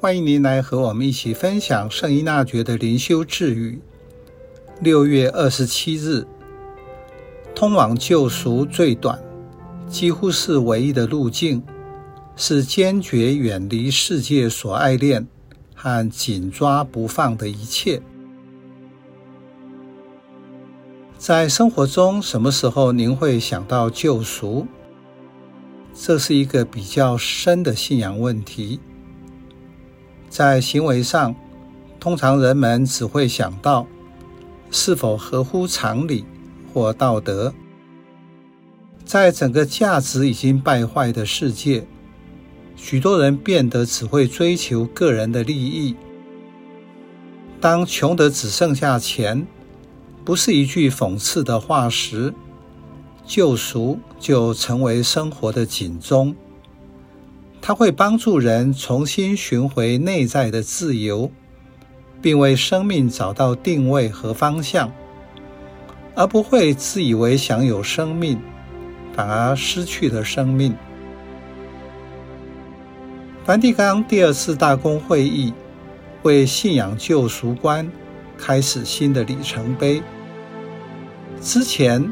歡迎您來和我們一起分享聖依納爵的靈修智語。六月二十七日，通往救贖最短，幾乎是唯一的路徑，是堅決遠離世界所愛戀，和緊抓不放的一切。在生活中，什麼時候您會想到救贖？這是一個比較深的信仰問題。在行為上，通常人們只會想到是否合乎常理或道德。在整個價值已經敗壞的世界，許多人變得只會追求個人的利益。當窮得只剩下錢，不是一句諷刺的話時，救贖就成為生活的警鐘。它會幫助人重新尋回內在的自由，並為生命找到定位和方向，而不會自以為享有生命，反而失去了生命。梵蒂岡第二次大公會議為信仰救贖觀開始新的里程碑。之前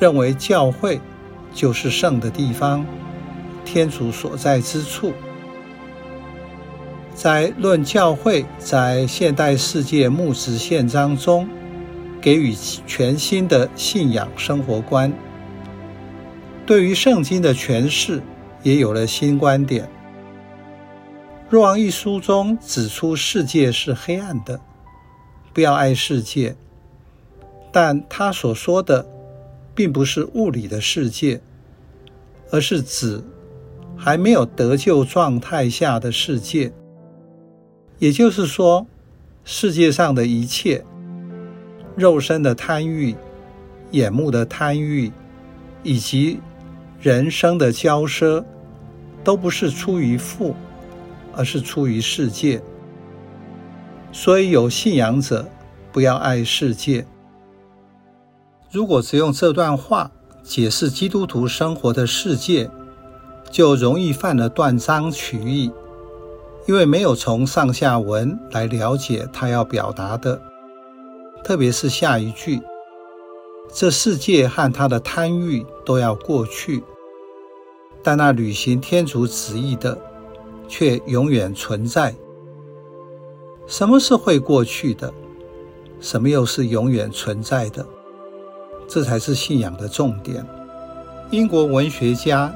認為教會就是聖的地方。天主所在之處，在《論教會在現代世界牧職憲章》中，給予全新的信仰生活觀。對於聖經的詮釋也有了新觀點。若望一書中指出，世界是黑暗的，不要愛世界。但他所說的，並不是物理的世界，而是指，還沒有得救狀態下的世界，也就是說，世界上的一切肉身的貪慾、眼目的貪慾，以及人生的驕奢，都不是出於父，而是出於世界。所以，有信仰者不要愛世界。如果只用這段話解釋基督徒生活的世界，就容易犯了斷章取義，因為沒有從上下文來了解他要表達的，特別是下一句：“這世界和它的貪慾都要過去，但那履行天主旨意的卻永遠存在。”什麼是會過去的？什麼又是永遠存在的？這才是信仰的重點。英國文學家。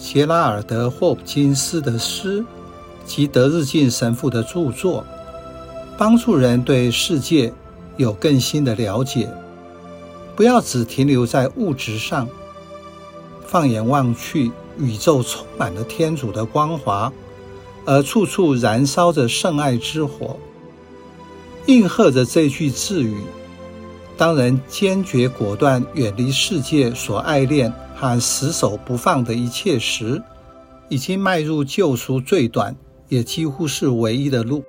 傑拉爾德·霍普金斯的詩及德日進神父的著作，幫助人對世界有更新的了解。不要只停留在物質上，放眼望去，宇宙充滿了天主的光華，而處處燃燒着聖愛之火，應和着這句智語，當人堅決果斷遠離世界所愛戀，和死守不放的一切時，已經邁入救贖最短，也幾乎是唯一的路。